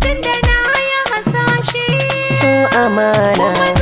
Tunda na yi hasashi So amana.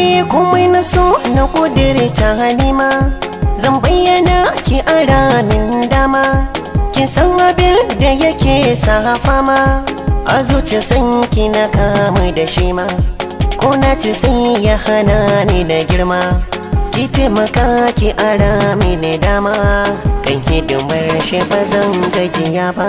Eh komai na so na kudiri ta halima Zan bayyana ki ara min dama ki san abin da yake sa fama A zuci san ki na kama da shi ma Ko na ci sai ya hana ni da girma Ki taimaka ki ara mini dama Kan hidimar shi ba zan gajiya ba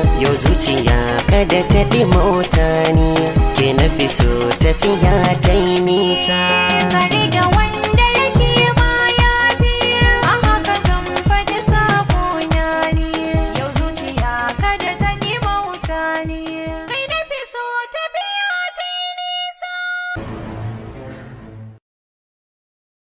yau zuciya kada ta ɗi mota ni ke na so tafiya ta yi nisa